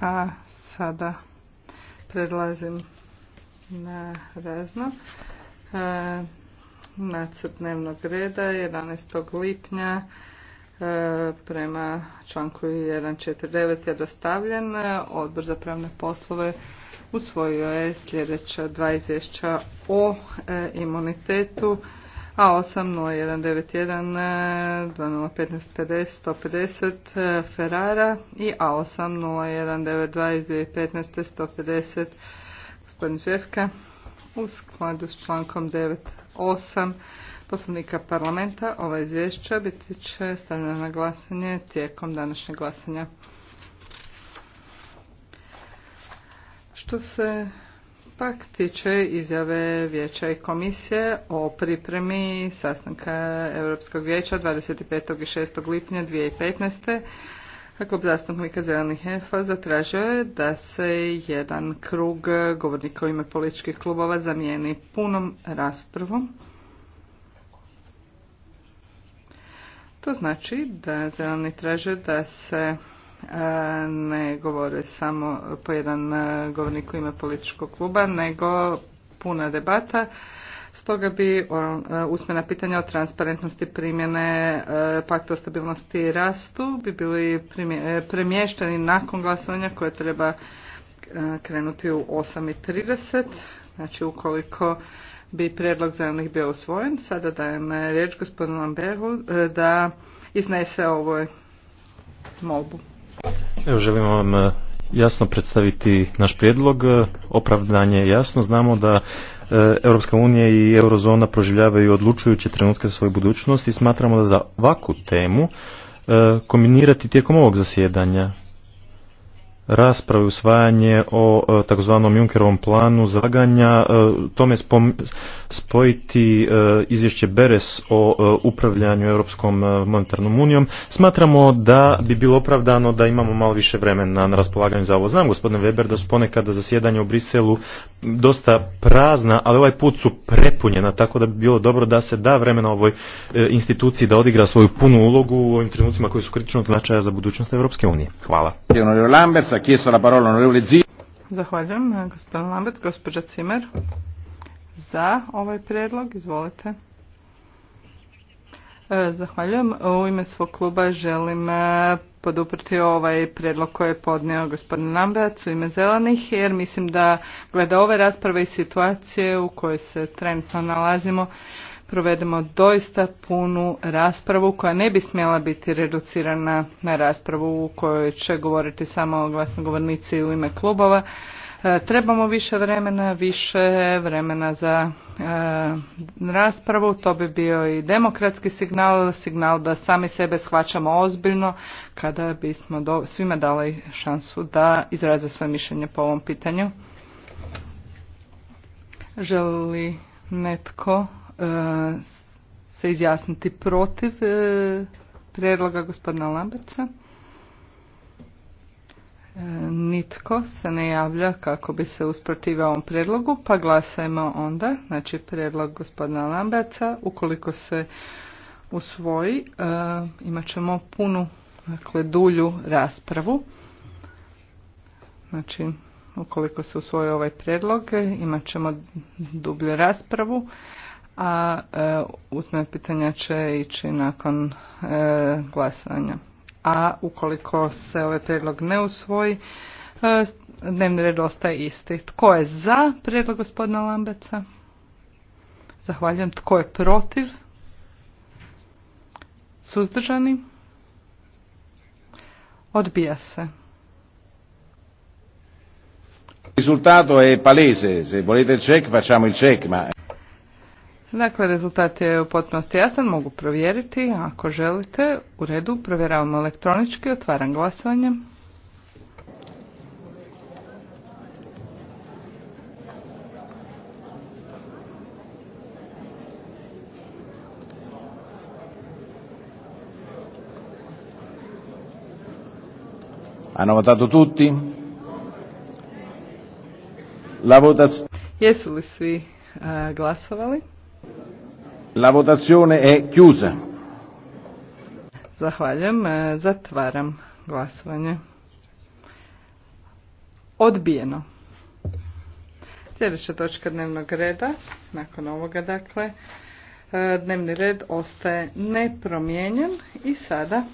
A sada predlazim na razno. E, nacrt dnevnog reda 11. lipnja e, prema članku 149 je dostavljen. E, Odbor za pravne poslove usvojio je sljedeća dva izvješća o imunitetu a8 0191 2015 Ferrara i A8 0192 2015 150 gospodin Žvjevka u skladu s člankom 9.8 poslovnika parlamenta ova izvješća biti će stavljena na glasanje tijekom današnjeg glasanja. Što se pak tiče izjave Vijeća i Komisije o pripremi sastanka Europskog vijeća 25. i 6. lipnja 2015. Klub zastupnika Zelenih EFA zatražio je da se jedan krug govornika u ime političkih klubova zamijeni punom raspravom. To znači da zeleni traže da se E, ne govore samo po jedan e, govornik u ime političkog kluba, nego puna debata. Stoga bi e, usmjena pitanja o transparentnosti primjene pakta o stabilnosti i rastu bi bili premješteni nakon glasovanja koje treba krenuti u 8.30. Znači ukoliko bi prijedlog zajednih bio usvojen, sada dajem riječ gospodinu Lamberu da iznese ovoj molbu. Evo želim vam e, jasno predstaviti naš prijedlog. E, opravdanje je jasno. Znamo da e, Europska unija i eurozona proživljavaju odlučujuće trenutke za svoju budućnost i smatramo da za ovakvu temu kombinirati tijekom ovog zasjedanja rasprave usvajanje o e, takozvanom Junkerovom planu zalaganja, e, tome spojiti e, izvješće Beres o upravljanju Europskom monetarnom unijom, smatramo da bi bilo opravdano da imamo malo više vremena na raspolaganju za ovo. Znam, gospodine Weber, da su ponekada zasjedanja u Briselu dosta prazna, ali ovaj put su prepunjena, tako da bi bilo dobro da se da vremena ovoj instituciji da odigra svoju punu ulogu u ovim trenucima koji su kritično značaja za budućnost Europske unije. Hvala. Zahvaljujem, gospodin Lambert. Gospođa Cimer, za ovaj predlog, izvolite. E, zahvaljujem. U ime svog kluba želim e, poduprti ovaj predlog koji je podnio gospodin Lambert u ime zelenih, jer mislim da gleda ove rasprave i situacije u kojoj se trenutno nalazimo, provedemo doista punu raspravu koja ne bi smjela biti reducirana na raspravu u kojoj će govoriti samo govornici u ime klubova. E, trebamo više vremena, više vremena za e, raspravu, to bi bio i demokratski signal, signal da sami sebe shvaćamo ozbiljno kada bismo svima dali šansu da izraze svoje mišljenje po ovom pitanju. Želi li netko E, se izjasniti protiv e, prijedloga gospodina Lamberca? E, nitko se ne javlja kako bi se usprotivio ovom prijedlogu, pa glasajmo onda. Znači, prijedlog gospodina Lamberca, ukoliko se usvoji, imat ćemo punu, dakle, dulju raspravu. Znači, ukoliko se usvoji ovaj predlog, imat ćemo dublju raspravu a e, pitanja će ići nakon e, glasanja. A ukoliko se ovaj prijedlog ne usvoji, e, dnevni red ostaje isti. Tko je za prijedlog gospodina Lambeca? Zahvaljujem. Tko je protiv? Suzdržani? Odbija se. Il risultato è palese, se volete check facciamo il check, ma... Dakle, rezultat je u potpunosti jasan, mogu provjeriti ako želite. U redu, provjeravamo elektronički, otvaram glasovanje. Hanno votato tutti? La votazione. Jesu li svi eh, glasovali? La votazione è chiusa. Zahvaljujem. E, zatvaram glasovanje. Odbijeno. Sljedeća točka dnevnog reda, nakon ovoga dakle, e, dnevni red ostaje nepromijenjen i sada